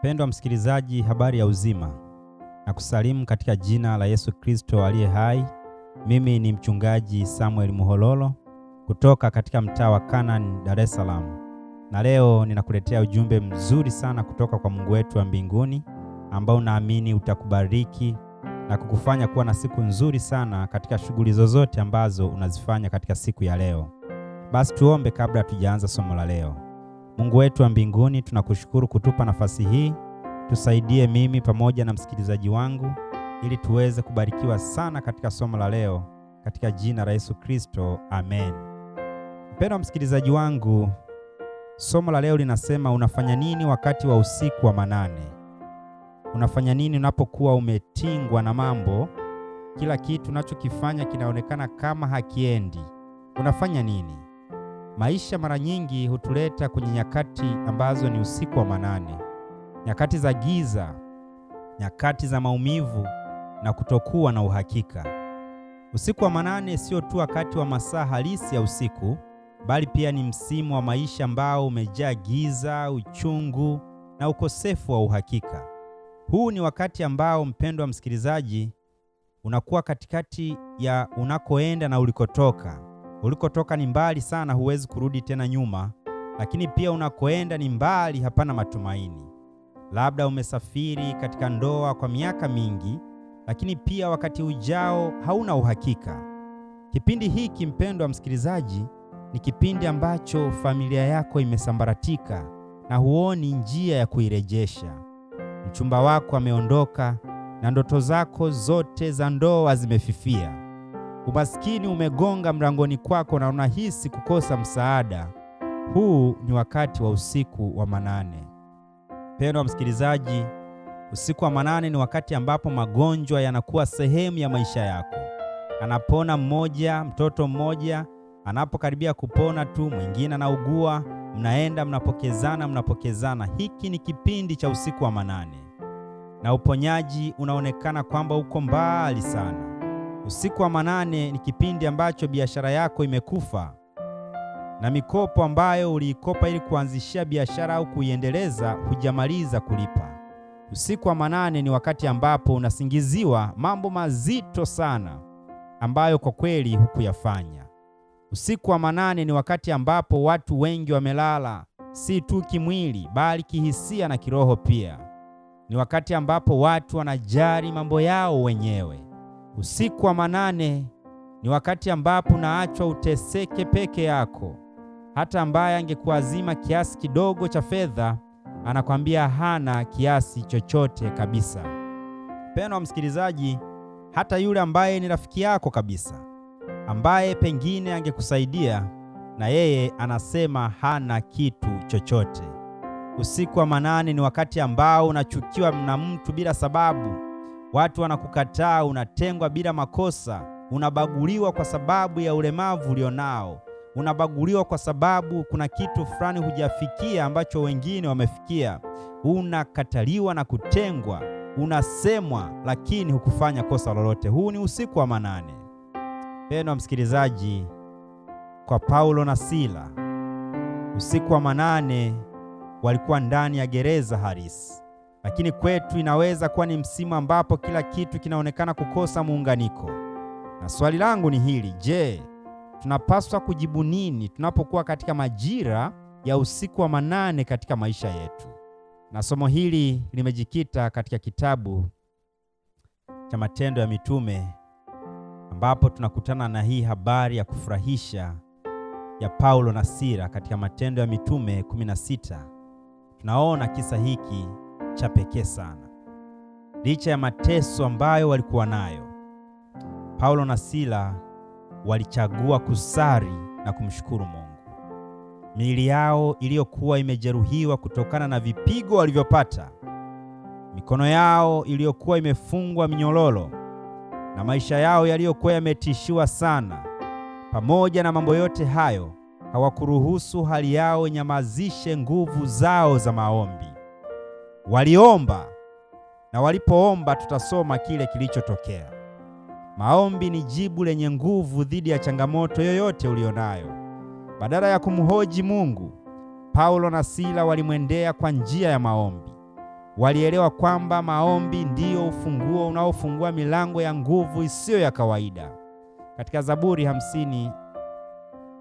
Mpendwa msikilizaji, habari ya uzima na kusalimu katika jina la Yesu Kristo aliye hai. Mimi ni mchungaji Samuel Muhololo kutoka katika mtaa wa Canaan, Dar es Salaam, na leo ninakuletea ujumbe mzuri sana kutoka kwa Mungu wetu wa mbinguni ambao naamini utakubariki na kukufanya kuwa na siku nzuri sana katika shughuli zozote ambazo unazifanya katika siku ya leo. Basi tuombe kabla tujaanza somo la leo. Mungu wetu wa mbinguni, tunakushukuru kutupa nafasi hii. Tusaidie mimi pamoja na msikilizaji wangu ili tuweze kubarikiwa sana katika somo la leo katika jina la Yesu Kristo, amen. Mpendwa msikilizaji wangu, somo la leo linasema unafanya nini wakati wa usiku wa manane? Unafanya nini unapokuwa umetingwa na mambo? Kila kitu unachokifanya kinaonekana kama hakiendi. Unafanya nini? Maisha mara nyingi hutuleta kwenye nyakati ambazo ni usiku wa manane, nyakati za giza, nyakati za maumivu na kutokuwa na uhakika. Usiku wa manane sio tu wakati wa masaa halisi ya usiku, bali pia ni msimu wa maisha ambao umejaa giza, uchungu na ukosefu wa uhakika. Huu ni wakati ambao, mpendwa msikilizaji, unakuwa katikati ya unakoenda na ulikotoka. Ulikotoka ni mbali sana, huwezi kurudi tena nyuma, lakini pia unakoenda ni mbali, hapana matumaini. Labda umesafiri katika ndoa kwa miaka mingi, lakini pia wakati ujao hauna uhakika. Kipindi hiki, mpendwa msikilizaji, ni kipindi ambacho familia yako imesambaratika na huoni njia ya kuirejesha. Mchumba wako ameondoka na ndoto zako zote za ndoa zimefifia. Umaskini umegonga mlangoni kwako na unahisi kukosa msaada. Huu ni wakati wa usiku wa manane. wa msikilizaji, usiku wa manane ni wakati ambapo magonjwa yanakuwa sehemu ya maisha yako. Anapona mmoja, mtoto mmoja anapokaribia kupona tu, mwingine anaugua, mnaenda mnapokezana, mnapokezana. Hiki ni kipindi cha usiku wa manane, na uponyaji unaonekana kwamba uko mbali sana. Usiku wa manane ni kipindi ambacho biashara yako imekufa, na mikopo ambayo uliikopa ili kuanzishia biashara au kuiendeleza hujamaliza kulipa. Usiku wa manane ni wakati ambapo unasingiziwa mambo mazito sana ambayo kwa kweli hukuyafanya. Usiku wa manane ni wakati ambapo watu wengi wamelala, si tu kimwili, bali kihisia na kiroho pia. Ni wakati ambapo watu wanajali mambo yao wenyewe. Usiku wa manane ni wakati ambapo naachwa uteseke peke yako. Hata ambaye angekuazima kiasi kidogo cha fedha anakwambia hana kiasi chochote kabisa. Mpendwa msikilizaji, hata yule ambaye ni rafiki yako kabisa, ambaye pengine angekusaidia, na yeye anasema hana kitu chochote. Usiku wa manane ni wakati ambao unachukiwa na mtu bila sababu. Watu wanakukataa, unatengwa bila makosa, unabaguliwa kwa sababu ya ulemavu ulionao, unabaguliwa kwa sababu kuna kitu fulani hujafikia ambacho wengine wamefikia. Unakataliwa na kutengwa, unasemwa, lakini hukufanya kosa lolote. Huu ni usiku wa manane. Pendwa msikilizaji, kwa Paulo na Sila usiku wa manane walikuwa ndani ya gereza halisi lakini kwetu inaweza kuwa ni msimu ambapo kila kitu kinaonekana kukosa muunganiko. Na swali langu ni hili, je, tunapaswa kujibu nini tunapokuwa katika majira ya usiku wa manane katika maisha yetu? Na somo hili limejikita katika kitabu cha Matendo ya Mitume ambapo tunakutana na hii habari ya kufurahisha ya Paulo na Sila katika Matendo ya Mitume 16. Tunaona kisa hiki cha pekee sana. Licha ya mateso ambayo walikuwa nayo, Paulo na Sila walichagua kusali na kumshukuru Mungu. Miili yao iliyokuwa imejeruhiwa kutokana na vipigo walivyopata, mikono yao iliyokuwa imefungwa minyororo, na maisha yao yaliyokuwa yametishiwa sana, pamoja na mambo yote hayo, hawakuruhusu hali yao inyamazishe nguvu zao za maombi. Waliomba na walipoomba, tutasoma kile kilichotokea. Maombi ni jibu lenye nguvu dhidi ya changamoto yoyote ulionayo. Badala ya kumhoji Mungu, Paulo na Sila walimwendea kwa njia ya maombi. Walielewa kwamba maombi ndiyo ufunguo unaofungua milango ya nguvu isiyo ya kawaida. Katika Zaburi hamsini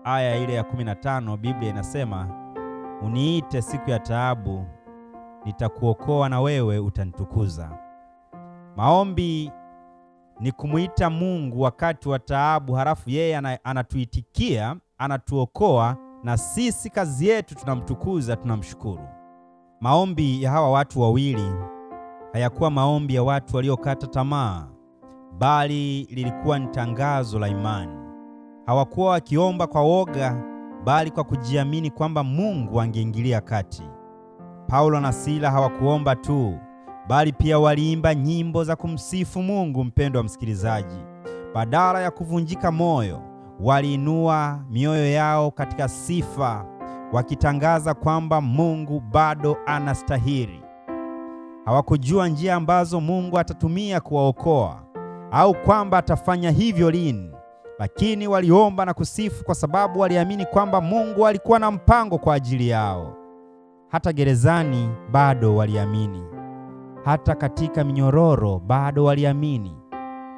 aya ile ya 15 Biblia inasema, uniite siku ya taabu nitakuokoa na wewe utanitukuza. Maombi ni kumwita Mungu wakati wa taabu, halafu yeye anatuitikia, anatuokoa na sisi kazi yetu tunamtukuza, tunamshukuru. Maombi ya hawa watu wawili hayakuwa maombi ya watu waliokata tamaa, bali lilikuwa ni tangazo la imani. Hawakuwa wakiomba kwa woga, bali kwa kujiamini kwamba Mungu angeingilia kati. Paulo na Sila hawakuomba tu, bali pia waliimba nyimbo za kumsifu Mungu. mpendo wa msikilizaji, badala ya kuvunjika moyo, waliinua mioyo yao katika sifa, wakitangaza kwamba Mungu bado anastahili. Hawakujua njia ambazo Mungu atatumia kuwaokoa au kwamba atafanya hivyo lini, lakini waliomba na kusifu kwa sababu waliamini kwamba Mungu alikuwa na mpango kwa ajili yao. Hata gerezani bado waliamini, hata katika minyororo bado waliamini,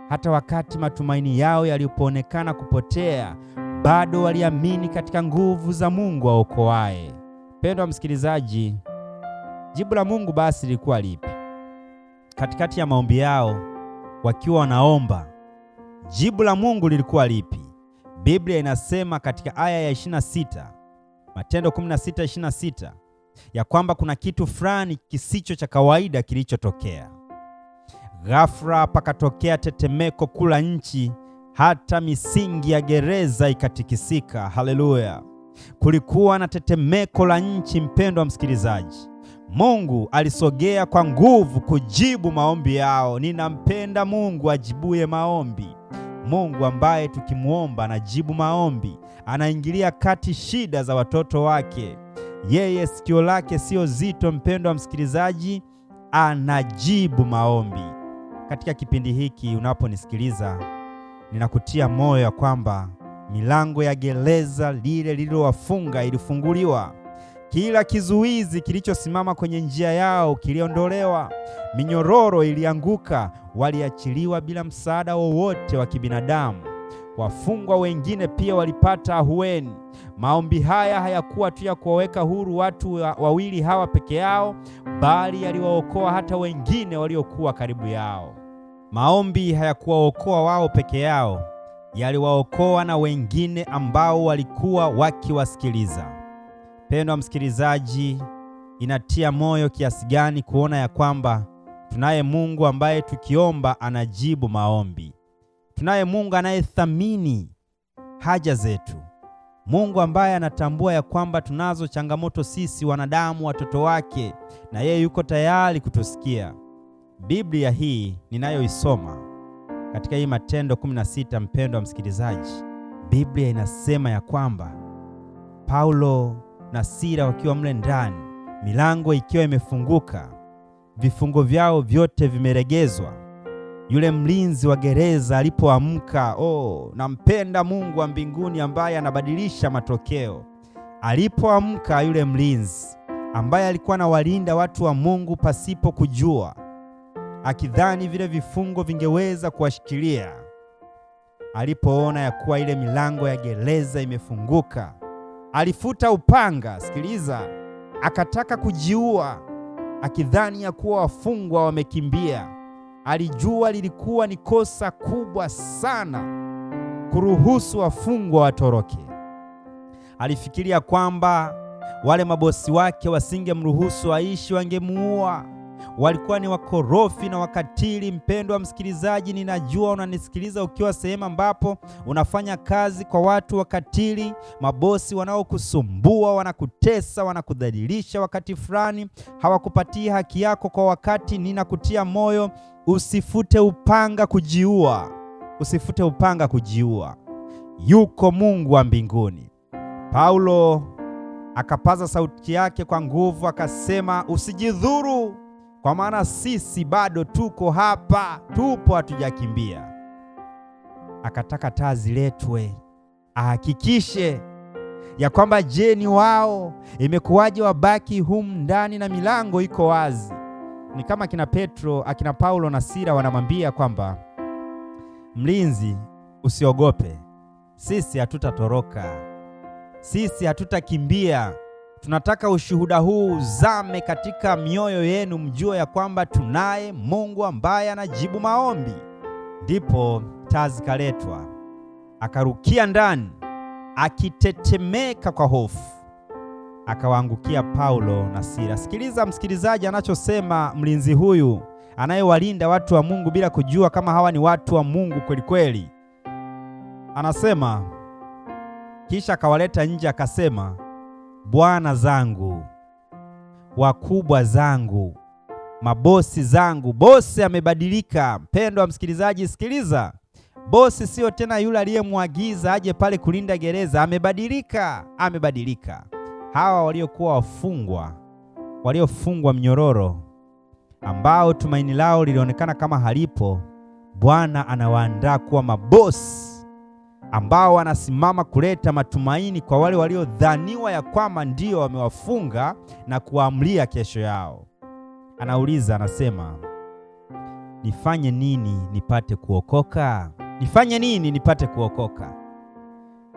hata wakati matumaini yao yalipoonekana kupotea bado waliamini katika nguvu za Mungu aokoaye. Pendwa msikilizaji, jibu la Mungu basi lilikuwa lipi? Katikati ya maombi yao wakiwa wanaomba, jibu la Mungu lilikuwa lipi? Biblia inasema katika aya ya 26, Matendo 16:26, ya kwamba kuna kitu fulani kisicho cha kawaida kilichotokea. Ghafla pakatokea tetemeko kula nchi, hata misingi ya gereza ikatikisika. Haleluya! Kulikuwa na tetemeko la nchi, mpendwa msikilizaji. Mungu alisogea kwa nguvu kujibu maombi yao. Ninampenda Mungu ajibuye maombi. Mungu ambaye tukimwomba anajibu maombi, anaingilia kati shida za watoto wake. Yeye sikio lake sio zito, mpendwa msikilizaji, anajibu maombi. Katika kipindi hiki unaponisikiliza, ninakutia moyo ya kwamba milango ya gereza lile lililowafunga ilifunguliwa. Kila kizuizi kilichosimama kwenye njia yao kiliondolewa. Minyororo ilianguka, waliachiliwa bila msaada wowote wa kibinadamu. Wafungwa wengine pia walipata ahueni. Maombi haya hayakuwa tu ya kuwaweka huru watu wawili hawa peke yao, bali yaliwaokoa hata wengine waliokuwa karibu yao. Maombi hayakuwaokoa wao peke yao, yaliwaokoa na wengine ambao walikuwa wakiwasikiliza. Pendwa msikilizaji, inatia moyo kiasi gani kuona ya kwamba tunaye Mungu ambaye tukiomba anajibu maombi. Tunaye Mungu anayethamini haja zetu, Mungu ambaye anatambua ya kwamba tunazo changamoto sisi wanadamu, watoto wake, na yeye yuko tayari kutusikia. Biblia hii ninayoisoma katika hii Matendo 16, mpendo wa msikilizaji, Biblia inasema ya kwamba Paulo na Sila wakiwa mle ndani, milango ikiwa imefunguka, vifungo vyao vyote vimeregezwa yule mlinzi wa gereza alipoamka, oh, nampenda Mungu wa mbinguni ambaye anabadilisha matokeo. Alipoamka yule mlinzi ambaye alikuwa anawalinda watu wa Mungu pasipo kujua, akidhani vile vifungo vingeweza kuwashikilia, alipoona ya kuwa ile milango ya gereza imefunguka, alifuta upanga, sikiliza, akataka kujiua, akidhani ya kuwa wafungwa wamekimbia Alijua lilikuwa ni kosa kubwa sana kuruhusu wafungwa watoroke. Alifikiria kwamba wale mabosi wake wasingemruhusu aishi, wangemuua. Walikuwa ni wakorofi na wakatili. Mpendwa msikilizaji, ninajua unanisikiliza ukiwa sehemu ambapo unafanya kazi kwa watu wakatili, mabosi wanaokusumbua, wanakutesa, wanakudhalilisha, wakati fulani hawakupatii haki yako kwa wakati. Ninakutia moyo Usifute upanga kujiua, usifute upanga kujiua. Yuko Mungu wa mbinguni. Paulo akapaza sauti yake kwa nguvu akasema, usijidhuru, kwa maana sisi bado tuko hapa, tupo, hatujakimbia. Akataka taa ziletwe ahakikishe ya kwamba je, ni wao imekuwaje wabaki humu ndani na milango iko wazi? ni kama akina Petro, akina Paulo na Sila wanamwambia kwamba mlinzi, usiogope, sisi hatutatoroka, sisi hatutakimbia. Tunataka ushuhuda huu uzame katika mioyo yenu, mjue ya kwamba tunaye Mungu ambaye anajibu maombi. Ndipo taa zikaletwa, akarukia ndani akitetemeka kwa hofu akawaangukia Paulo na Sila. Sikiliza msikilizaji, anachosema mlinzi huyu anayewalinda watu wa Mungu bila kujua kama hawa ni watu wa Mungu kweli kweli. Anasema, kisha akawaleta nje akasema, bwana zangu, wakubwa zangu, mabosi zangu. Bosi amebadilika. Mpendwa msikilizaji, sikiliza Bosi sio tena yule aliyemwagiza aje pale kulinda gereza. Amebadilika, amebadilika hawa waliokuwa wafungwa, waliofungwa mnyororo, ambao tumaini lao lilionekana kama halipo, Bwana anawaandaa kuwa mabosi ambao wanasimama kuleta matumaini kwa wale waliodhaniwa ya kwamba ndio wamewafunga na kuwaamlia kesho yao. Anauliza, anasema nifanye nini nipate kuokoka? Nifanye nini nipate kuokoka?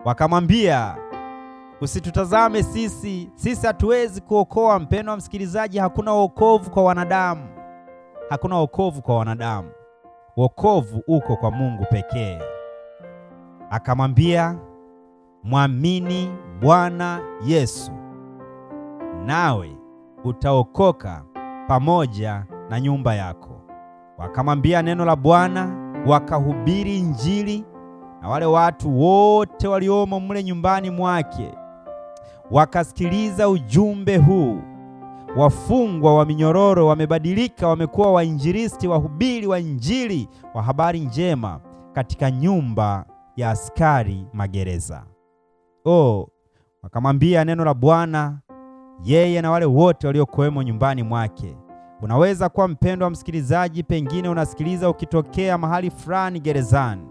Wakamwambia, Usitutazame sisi, sisi hatuwezi kuokoa. Mpendo wa msikilizaji, hakuna wokovu kwa wanadamu, hakuna wokovu kwa wanadamu. Wokovu uko kwa Mungu pekee. Akamwambia, mwamini Bwana Yesu nawe utaokoka pamoja na nyumba yako. Wakamwambia neno la Bwana, wakahubiri Injili na wale watu wote waliomo mle nyumbani mwake wakasikiliza ujumbe huu. Wafungwa wa minyororo wamebadilika, wamekuwa wainjilisti, wahubiri wa Injili wa habari njema katika nyumba ya askari magereza. Oh, wakamwambia neno la Bwana yeye na wale wote waliokuwemo nyumbani mwake. Unaweza kuwa mpendwa msikilizaji, pengine unasikiliza ukitokea mahali fulani gerezani.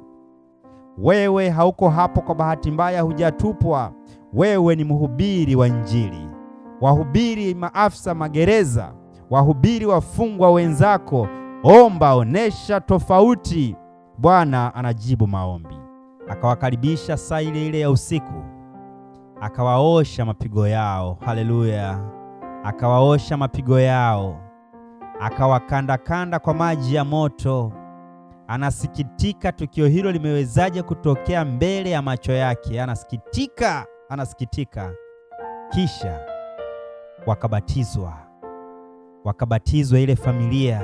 Wewe hauko hapo kwa bahati mbaya, hujatupwa wewe ni mhubiri wa Injili. Wahubiri maafisa magereza, wahubiri wafungwa wenzako, omba, onesha tofauti. Bwana anajibu maombi. Akawakaribisha saa ile ile ya usiku, akawaosha mapigo yao. Haleluya! Akawaosha mapigo yao, akawakandakanda kwa maji ya moto. Anasikitika tukio hilo limewezaje kutokea mbele ya macho yake. Anasikitika anasikitika, kisha wakabatizwa, wakabatizwa ile familia,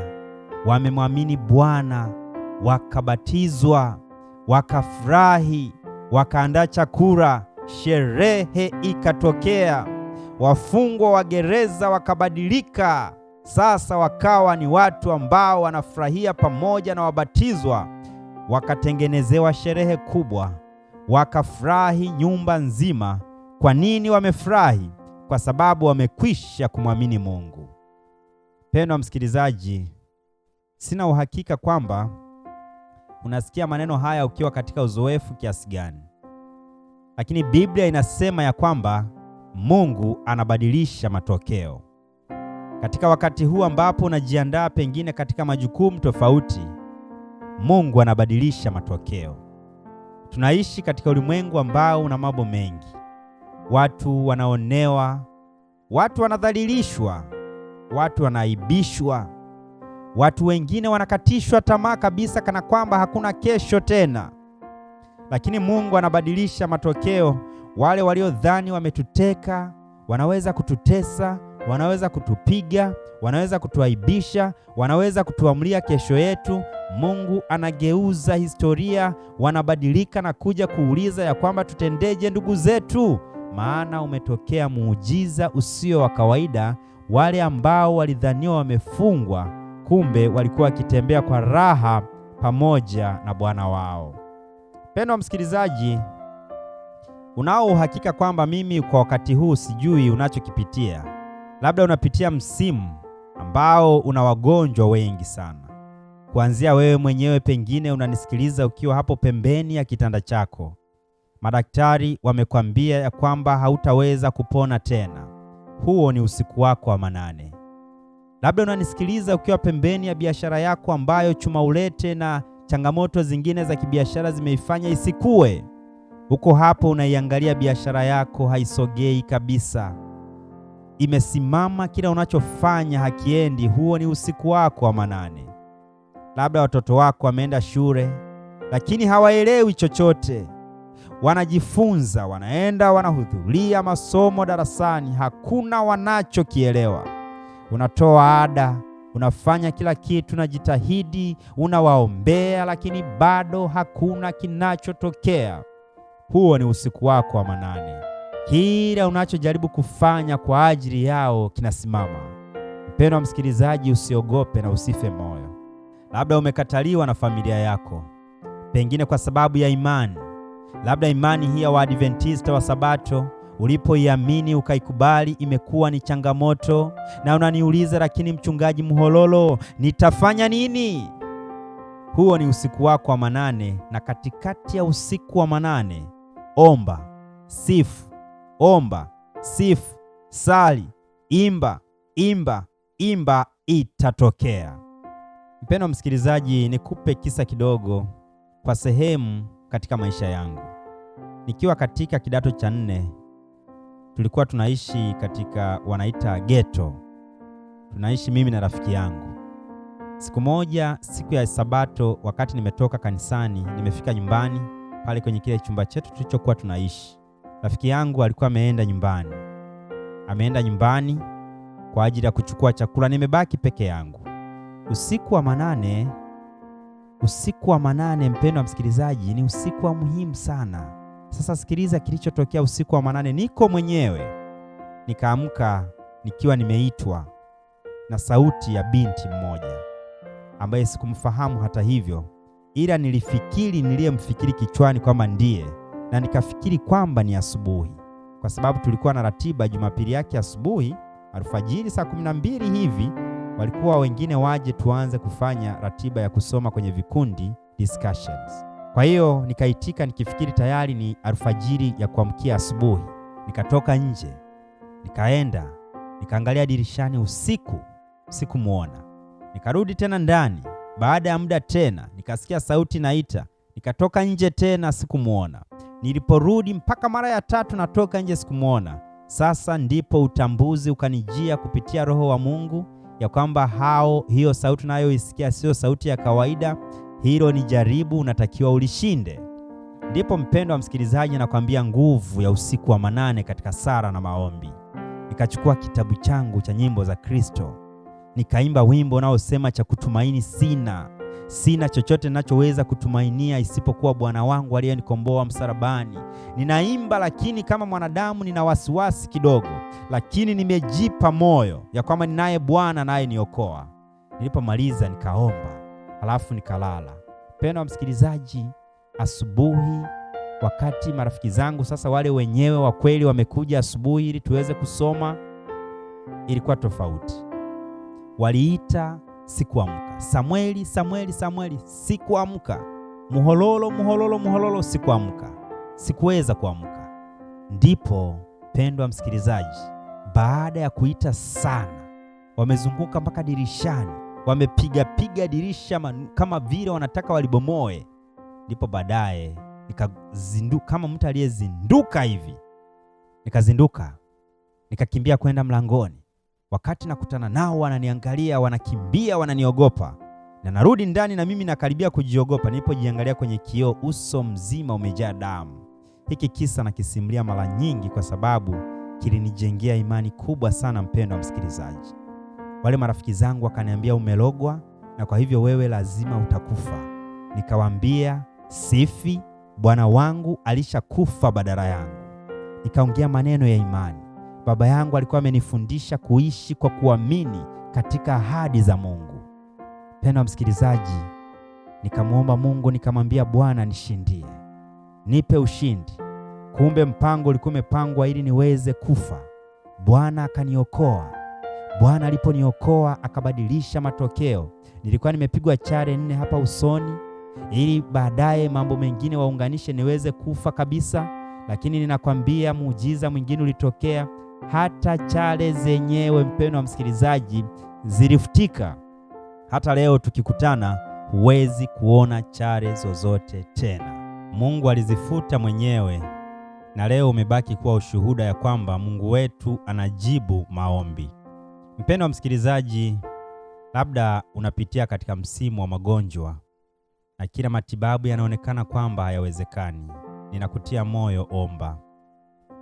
wamemwamini Bwana, wakabatizwa, wakafurahi, wakaandaa chakula, sherehe ikatokea, wafungwa wa gereza wakabadilika. Sasa wakawa ni watu ambao wanafurahia pamoja na wabatizwa, wakatengenezewa sherehe kubwa wakafurahi nyumba nzima. Kwa nini wamefurahi? Kwa sababu wamekwisha kumwamini Mungu. pendwa msikilizaji, sina uhakika kwamba unasikia maneno haya ukiwa katika uzoefu kiasi gani, lakini Biblia inasema ya kwamba Mungu anabadilisha matokeo. Katika wakati huu ambapo unajiandaa pengine katika majukumu tofauti, Mungu anabadilisha matokeo. Tunaishi katika ulimwengu ambao una mambo mengi. Watu wanaonewa, watu wanadhalilishwa, watu wanaaibishwa, watu wengine wanakatishwa tamaa kabisa, kana kwamba hakuna kesho tena. Lakini Mungu anabadilisha matokeo. Wale waliodhani wametuteka, wanaweza kututesa, wanaweza kutupiga, wanaweza kutuaibisha, wanaweza kutuamulia kesho yetu Mungu anageuza historia, wanabadilika na kuja kuuliza ya kwamba tutendeje ndugu zetu, maana umetokea muujiza usio wa kawaida. Wale ambao walidhaniwa wamefungwa, kumbe walikuwa wakitembea kwa raha pamoja na Bwana wao. Mpendwa msikilizaji, unao uhakika kwamba mimi kwa wakati huu sijui unachokipitia, labda unapitia msimu ambao una wagonjwa wengi sana Kuanzia wewe mwenyewe, pengine unanisikiliza ukiwa hapo pembeni ya kitanda chako. Madaktari wamekwambia ya kwamba hautaweza kupona tena. Huo ni usiku wako wa manane. Labda unanisikiliza ukiwa pembeni ya biashara yako ambayo chuma ulete na changamoto zingine za kibiashara zimeifanya isikue. Uko hapo unaiangalia biashara yako haisogei kabisa, imesimama. Kila unachofanya hakiendi. Huo ni usiku wako wa manane. Labda watoto wako wameenda shule, lakini hawaelewi chochote. Wanajifunza, wanaenda, wanahudhuria masomo darasani, hakuna wanachokielewa. Unatoa ada, unafanya kila kitu, unajitahidi, unawaombea, lakini bado hakuna kinachotokea. Huo ni usiku wako wa manane. Kila unachojaribu kufanya kwa ajili yao kinasimama. Mpendwa msikilizaji, usiogope na usife moyo. Labda umekataliwa na familia yako, pengine kwa sababu ya imani. Labda imani hii ya Waadventista wa Sabato ulipoiamini ukaikubali, imekuwa ni changamoto, na unaniuliza lakini, mchungaji Mhololo, nitafanya nini? Huo ni usiku wako wa manane, na katikati ya usiku wa manane, omba, sifu, omba, sifu, sali, imba, imba, imba, itatokea. Mpendwa msikilizaji, nikupe kisa kidogo kwa sehemu katika maisha yangu. Nikiwa katika kidato cha nne, tulikuwa tunaishi katika wanaita ghetto, tunaishi mimi na rafiki yangu. Siku moja, siku ya Sabato, wakati nimetoka kanisani, nimefika nyumbani pale kwenye kile chumba chetu tulichokuwa tunaishi, rafiki yangu alikuwa ameenda nyumbani, ameenda nyumbani kwa ajili ya kuchukua chakula. Nimebaki peke yangu. Usiku wa manane, usiku wa manane, wa msikilizaji, ni usiku wa muhimu sana. Sasa sikiliza kilichotokea usiku wa manane. Niko mwenyewe nikaamka nikiwa nimeitwa na sauti ya binti mmoja ambaye sikumfahamu hata hivyo, ila nilifikiri niliyemfikiri kichwani kwamba ndiye, na nikafikiri kwamba ni asubuhi, kwa sababu tulikuwa na ratiba Jumapili yake asubuhi alfajiri saa kumi na mbili hivi walikuwa wengine waje tuanze kufanya ratiba ya kusoma kwenye vikundi discussions. Kwa hiyo nikaitika nikifikiri tayari ni alfajiri ya kuamkia asubuhi. Nikatoka nje, nikaenda nikaangalia dirishani usiku, sikumwona. Nikarudi tena ndani, baada ya muda tena nikasikia sauti naita. Nikatoka nje tena, sikumwona. Niliporudi mpaka mara ya tatu natoka nje, sikumwona. Sasa ndipo utambuzi ukanijia kupitia Roho wa Mungu ya kwamba hao hiyo sauti unayoisikia sio sauti ya kawaida. Hilo ni jaribu, unatakiwa ulishinde. Ndipo mpendo wa msikilizaji, nakwambia nguvu ya usiku wa manane katika sala na maombi, nikachukua kitabu changu cha nyimbo za Kristo, nikaimba wimbo unaosema cha kutumaini sina Sina chochote ninachoweza kutumainia isipokuwa Bwana wangu aliyenikomboa msalabani. Ninaimba, lakini kama mwanadamu nina wasiwasi kidogo, lakini nimejipa moyo ya kwamba ninaye Bwana naye niokoa. Nilipomaliza nikaomba, halafu nikalala. wa msikilizaji, asubuhi wakati marafiki zangu sasa wale wenyewe wa kweli wamekuja asubuhi ili tuweze kusoma, ilikuwa tofauti. Waliita sikuamka. Samweli, Samweli, Samweli, sikuamka. Muhololo, muhololo, muhololo, sikuamka. Sikuweza kuamka. Ndipo pendwa msikilizaji, baada ya kuita sana, wamezunguka mpaka dirishani, wamepigapiga dirisha kama vile wanataka walibomoe, ndipo baadaye nikazinduka kama mtu aliyezinduka hivi, nikazinduka nikakimbia kwenda mlangoni Wakati nakutana nao, wananiangalia, wanakimbia, wananiogopa, na narudi ndani na mimi nakaribia kujiogopa. Nilipojiangalia kwenye kioo, uso mzima umejaa damu. Hiki kisa nakisimulia mara nyingi kwa sababu kilinijengea imani kubwa sana. mpendo wa msikilizaji, wale marafiki zangu wakaniambia, umelogwa na kwa hivyo wewe lazima utakufa. Nikawaambia, sifi, Bwana wangu alishakufa badala yangu. Nikaongea maneno ya imani baba yangu alikuwa amenifundisha kuishi kwa kuamini katika ahadi za Mungu. Pena msikilizaji, nikamwomba Mungu nikamwambia Bwana, nishindie, nipe ushindi. Kumbe mpango ulikuwa umepangwa ili niweze kufa. Bwana akaniokoa. Bwana aliponiokoa akabadilisha matokeo. Nilikuwa nimepigwa chare nne hapa usoni ili baadaye mambo mengine waunganishe niweze kufa kabisa, lakini ninakwambia muujiza mwingine ulitokea hata chale zenyewe, mpendo wa msikilizaji, zilifutika. Hata leo tukikutana, huwezi kuona chale zozote tena. Mungu alizifuta mwenyewe, na leo umebaki kuwa ushuhuda ya kwamba Mungu wetu anajibu maombi. Mpendo wa msikilizaji, labda unapitia katika msimu wa magonjwa na kila matibabu yanaonekana kwamba hayawezekani. Ninakutia moyo, omba.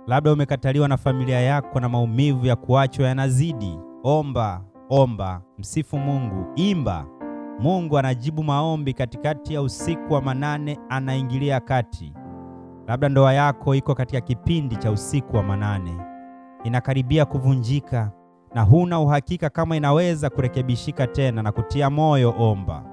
Labda umekataliwa na familia yako na maumivu ya kuachwa yanazidi. Omba, omba, msifu Mungu, imba. Mungu anajibu maombi katikati ya usiku wa manane, anaingilia kati. Labda ndoa yako iko katika kipindi cha usiku wa manane, inakaribia kuvunjika na huna uhakika kama inaweza kurekebishika tena. Na kutia moyo, omba.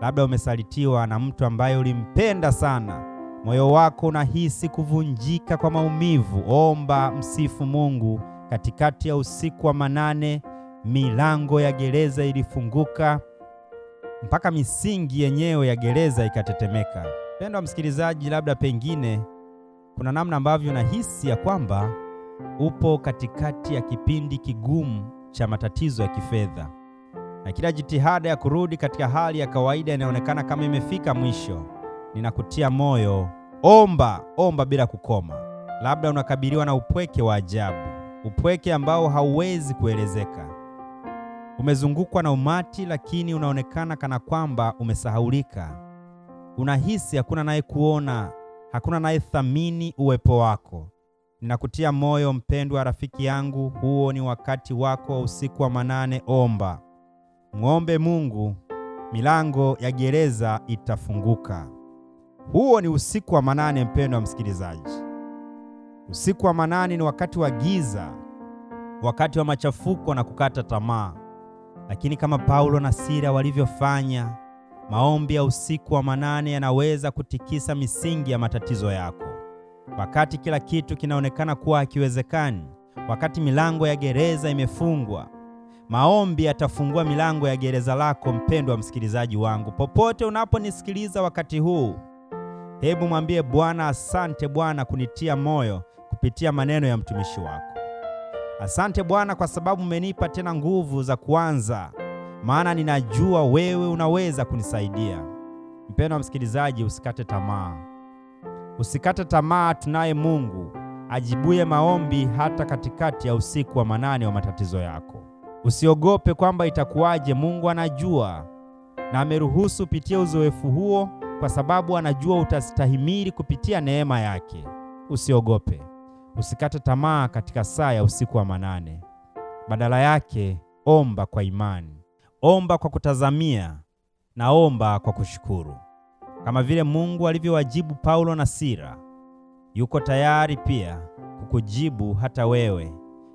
Labda umesalitiwa na mtu ambaye ulimpenda sana moyo wako unahisi kuvunjika kwa maumivu, omba msifu Mungu. Katikati ya usiku wa manane, milango ya gereza ilifunguka mpaka misingi yenyewe ya gereza ikatetemeka. Pendwa msikilizaji, labda pengine kuna namna ambavyo unahisi ya kwamba upo katikati ya kipindi kigumu cha matatizo ya kifedha na kila jitihada ya kurudi katika hali ya kawaida inaonekana kama imefika mwisho ninakutia moyo, omba, omba bila kukoma. Labda unakabiliwa na upweke wa ajabu, upweke ambao hauwezi kuelezeka. Umezungukwa na umati, lakini unaonekana kana kwamba umesahaulika. Unahisi hakuna naye kuona, hakuna naye thamini uwepo wako. Ninakutia moyo mpendwa, rafiki yangu, huo ni wakati wako wa usiku wa manane. Omba, mwombe Mungu, milango ya gereza itafunguka. Huo ni usiku wa manane, mpendo wa msikilizaji. Usiku wa manane ni wakati wa giza, wakati wa machafuko na kukata tamaa. Lakini kama Paulo na Sila walivyofanya, maombi ya usiku wa manane yanaweza kutikisa misingi ya matatizo yako. Wakati kila kitu kinaonekana kuwa hakiwezekani, wakati milango ya gereza imefungwa, maombi yatafungua milango ya gereza lako, mpendwa msikilizaji wangu, popote unaponisikiliza wakati huu. Hebu mwambie Bwana, asante Bwana kunitia moyo kupitia maneno ya mtumishi wako. Asante Bwana kwa sababu umenipa tena nguvu za kuanza, maana ninajua wewe unaweza kunisaidia. Mpendwa msikilizaji, usikate tamaa, usikate tamaa. Tunaye Mungu ajibuye maombi hata katikati ya usiku wa manane wa matatizo yako. Usiogope kwamba itakuwaje. Mungu anajua na ameruhusu upitie uzoefu huo kwa sababu anajua utastahimili kupitia neema yake. Usiogope, usikate tamaa katika saa ya usiku wa manane. Badala yake, omba kwa imani, omba kwa kutazamia na omba kwa kushukuru. Kama vile Mungu alivyowajibu Paulo na Sila, yuko tayari pia kukujibu hata wewe.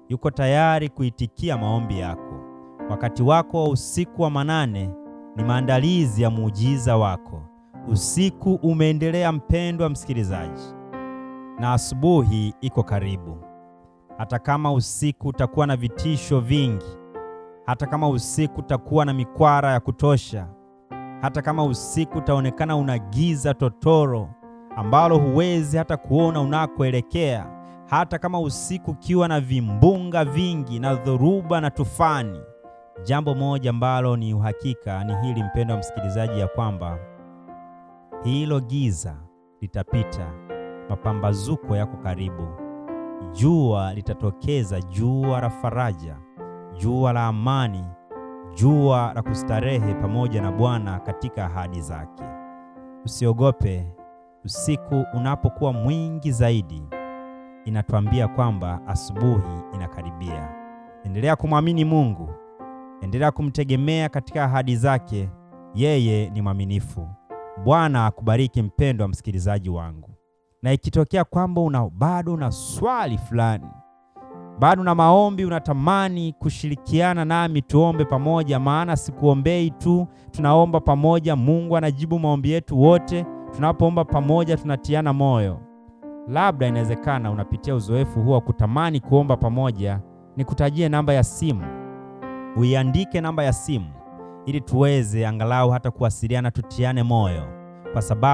Yuko tayari kuitikia maombi yako. Wakati wako wa usiku wa manane ni maandalizi ya muujiza wako. Usiku umeendelea mpendwa msikilizaji, na asubuhi iko karibu. Hata kama usiku utakuwa na vitisho vingi, hata kama usiku utakuwa na mikwara ya kutosha, hata kama usiku utaonekana una giza totoro ambalo huwezi hata kuona unakoelekea, hata kama usiku ukiwa na vimbunga vingi na dhoruba na tufani, jambo moja ambalo ni uhakika ni hili, mpendwa msikilizaji, ya kwamba hilo giza litapita, mapambazuko yako karibu. Jua litatokeza, jua la faraja, jua la amani, jua la kustarehe pamoja na Bwana katika ahadi zake. Usiogope, usiku unapokuwa mwingi zaidi, inatuambia kwamba asubuhi inakaribia. Endelea kumwamini Mungu, endelea kumtegemea katika ahadi zake. Yeye ni mwaminifu. Bwana akubariki mpendwa msikilizaji wangu, na ikitokea kwamba una bado una swali fulani, bado na maombi unatamani kushirikiana nami, tuombe pamoja, maana sikuombei tu, tunaomba pamoja. Mungu anajibu maombi yetu wote, tunapoomba pamoja tunatiana moyo. Labda inawezekana unapitia uzoefu huo wa kutamani kuomba pamoja, nikutajie namba ya simu, uiandike namba ya simu ili tuweze angalau hata kuwasiliana, tutiane moyo, kwa sababu